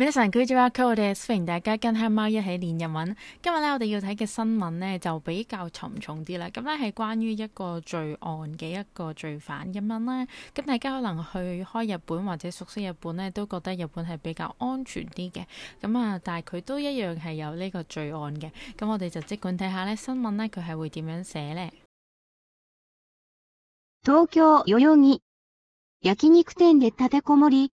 Morning，各位家姐家哥，我哋歡迎大家跟黑貓一起練日文。今日咧，我哋要睇嘅新聞呢就比較沉重啲啦。咁呢係關於一個罪案嘅一個罪犯咁樣咧。咁大家可能去開日本或者熟悉日本呢，都覺得日本係比較安全啲嘅。咁啊，但係佢都一樣係有呢個罪案嘅。咁我哋就即管睇下呢新聞呢，佢係會點樣寫呢？東京代々木焼肉店で立てこもり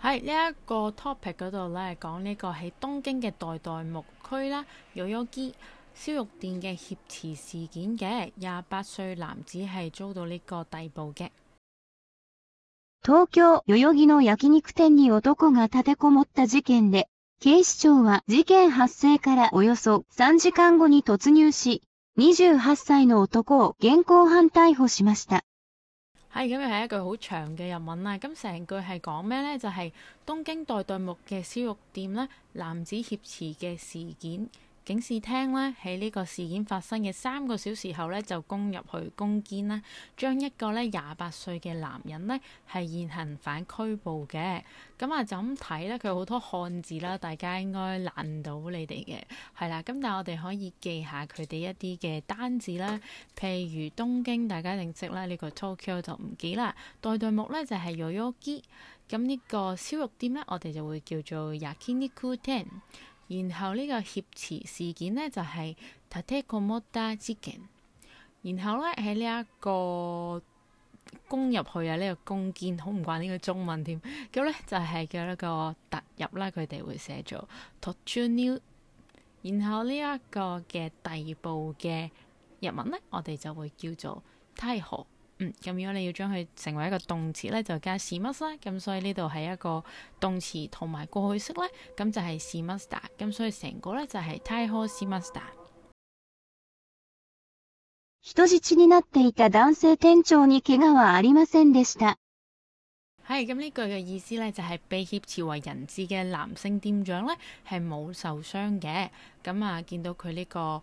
喺呢一個 topic 嗰度咧，講呢個喺東京嘅代代木區啦，Yoyogi 燒肉店嘅挾持事件嘅，廿八歲男子係遭到呢個逮捕嘅。東京代代木區の焼肉店に男が立てこもった事件で、警視庁は事件発生からおよそ3時間後に突入し、28歳の男を現行犯逮捕しました。係，咁又係一句好長嘅日文啦，咁成句係講咩咧？就係、是、東京代代木嘅燒肉店咧，男子挾持嘅事件。警視廳咧，喺呢個事件發生嘅三個小時後咧，就攻入去攻堅咧，將一個咧廿八歲嘅男人呢係現行犯拘捕嘅。咁啊，就咁睇咧，佢好多漢字啦，大家應該難到你哋嘅係啦。咁但係我哋可以記下佢哋一啲嘅單字啦，譬如東京大家認識啦，呢個 Tokyo 就唔記啦。代代木咧就係 Yoyogi，咁呢個燒肉店呢，我哋就會叫做 Yakiniku Ten。然後呢個挾持事件呢，就係、是、tatekomori jiken，然後咧喺呢一、這個攻入去啊呢個攻堅好唔慣呢個中文添，咁咧就係叫一個突入啦，佢哋會寫做 totsunyuu。然後呢一、就是、個嘅第二部嘅日文咧，我哋就會叫做 taiho。嗯，咁如果你要將佢成為一個動詞咧，就加しました啦。咁所以呢度係一個動詞同埋過去式咧，咁、嗯、就係しました。咁所以成個咧就係逮捕しました。人質になっていた男性店長に怪我はありませんでした。係咁呢句嘅意思咧，就係、是、被挾持為人質嘅男性店長咧係冇受傷嘅。咁、嗯、啊，見到佢呢、這個。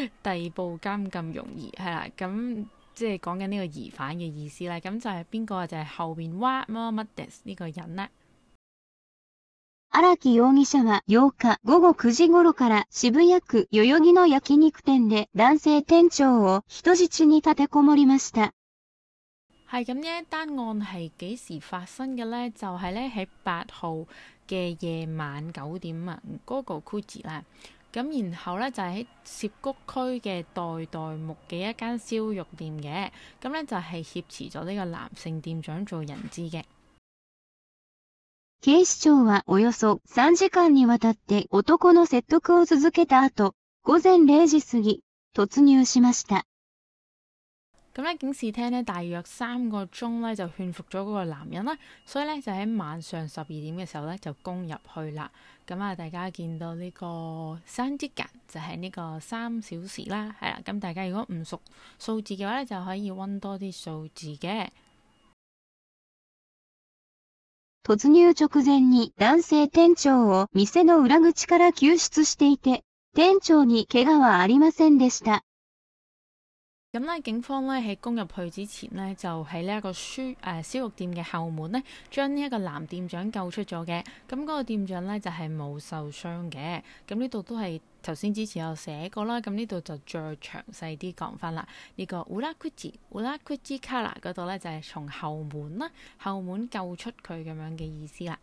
荒木容,、ま、容疑者は8日午後9時頃から渋谷區代々木の焼肉店で男性店長を人質に立てこもりました。咁、然後呢就喺涉谷區嘅代代木嘅一間燒肉店嘅。咁呢就係挾持咗呢個男性店長做人質嘅。警視庁はおよそ3時間にわたって男の説得を続けた後、午前0時過ぎ、突入しました。咁咧，警視廳咧大約三個鐘咧就勸服咗嗰個男人啦。所以咧就喺晚上十二點嘅時候咧就攻入去啦。咁啊，大家見到呢個三時間，就係呢個三小時啦，係啦。咁大家如果唔熟數字嘅話咧，就可以溫多啲數字嘅。突入直前に男性店長を店の裏口から救出していて、店長に怪我はありませんでした。咁呢、嗯，警方呢喺攻入去之前呢，就喺呢一個燒誒燒肉店嘅後門呢，將呢一個男店長救出咗嘅。咁、嗯、嗰、那個店長呢，就係、是、冇受傷嘅。咁呢度都係頭先之前有寫過啦。咁呢度就再詳細啲講翻啦。呢、這個烏拉克茲烏拉克茲卡拉嗰度呢，就係、是、從後門啦，後門救出佢咁樣嘅意思啦。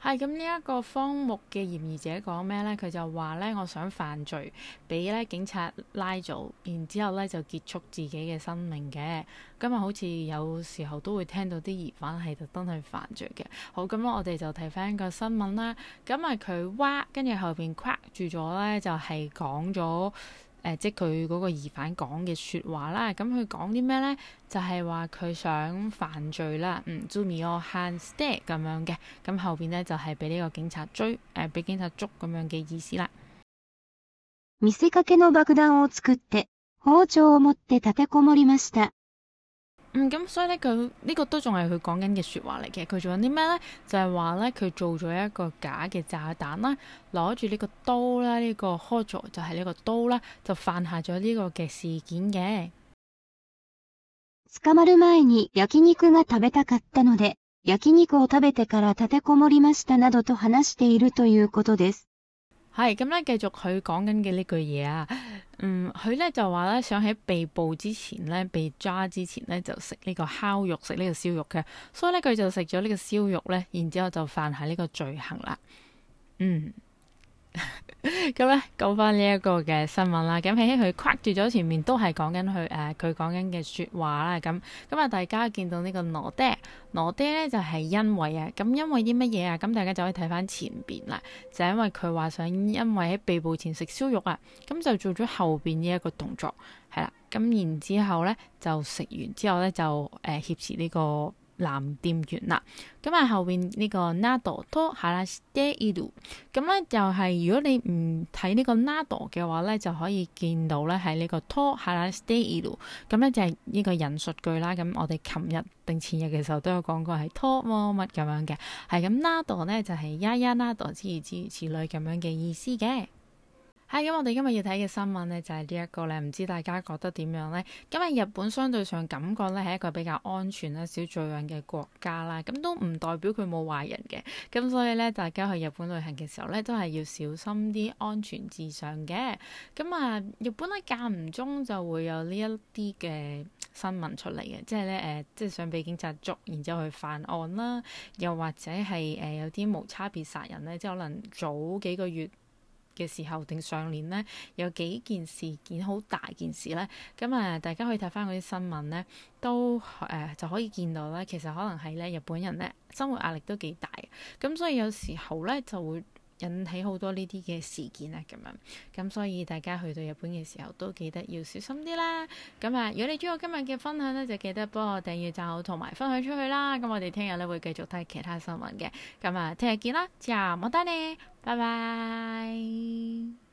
係咁呢一個方木嘅嫌疑者講咩呢？佢就話呢，我想犯罪，俾咧警察拉咗，然之後咧就結束自己嘅生命嘅。今、嗯、日好似有時候都會聽到啲疑犯係特登去犯罪嘅。好，咁、嗯、我哋就睇翻個新聞啦。咁、嗯、啊，佢挖跟住後邊 cut 住咗呢就係講咗。誒，即佢嗰個疑犯講嘅説話啦，咁佢講啲咩咧？就係話佢想犯罪啦，嗯 z o o m s t a n d 咁樣嘅，咁後邊咧就係俾呢個警察追，誒、呃，俾警察捉咁樣嘅意思啦。嗯，咁所以咧，佢呢個都仲係佢講緊嘅說話嚟嘅。佢做緊啲咩咧？就係話咧，佢做咗一個假嘅炸彈啦，攞住呢個刀啦，呢個刀就就係呢個刀啦，就犯下咗呢個嘅事件嘅。捕まる前に焼肉が食べたかったので、焼肉を食べてから立てこもりましたなどと話しているということです。係咁咧，繼續佢講緊嘅呢句嘢啊。嗯，佢咧就話咧，想喺被捕之前咧，被抓之前咧，就食呢個烤肉，食呢個燒肉嘅，所以咧佢就食咗呢個燒肉咧，然之後就犯下呢個罪行啦。嗯。咁咧，講翻呢一個嘅新聞啦。咁起佢框住咗前面，都係講緊佢誒，佢講緊嘅說話啦。咁、啊、咁啊，大家見到呢個羅爹，羅爹咧就係因為啊，咁因為啲乜嘢啊？咁大家就可以睇翻前邊啦，就係，因為佢話想因為喺被捕前食燒肉啊，咁就做咗後邊呢一個動作係啦。咁、啊啊、然之後咧就食完之後咧就誒、啊、挾持呢、呢個。男店員啦，咁、嗯、啊後邊呢個 nado 拖下來 stay 住，咁咧、嗯、就係、是、如果你唔睇呢個 nado 嘅話咧，就可以見到咧喺呢個拖下來 stay 住，咁咧、嗯、就係、是、呢個引述句啦。咁、嗯、我哋琴日定前日嘅時候都有講過係拖乜乜咁樣嘅，係咁 nado 咧就係呀呀 nado 之如之如此類咁樣嘅意思嘅。係咁，Hi, 我哋今日要睇嘅新聞咧就係、是、呢一個咧，唔知大家覺得點樣咧？今日日本相對上感覺咧係一個比較安全啦、少罪犯嘅國家啦，咁都唔代表佢冇壞人嘅，咁所以咧大家去日本旅行嘅時候咧都係要小心啲，安全至上嘅。咁啊，日本咧間唔中就會有呢一啲嘅新聞出嚟嘅，即係咧誒，即係想俾警察捉，然之後去犯案啦，又或者係誒、呃、有啲無差別殺人咧，即係可能早幾個月。嘅時候，定上年咧有幾件事件，好大件事咧，咁誒，大家可以睇返嗰啲新聞咧，都誒、呃、就可以見到咧，其實可能係咧日本人咧生活壓力都幾大，咁所以有時候咧就會，引起好多呢啲嘅事件啊，咁樣，咁所以大家去到日本嘅時候都記得要小心啲啦。咁啊，如果你中意我今日嘅分享呢，就記得幫我訂閱讚好同埋分享出去啦。咁我哋聽日呢會繼續睇其他新聞嘅。咁啊，聽日見啦，之冇得你，拜拜。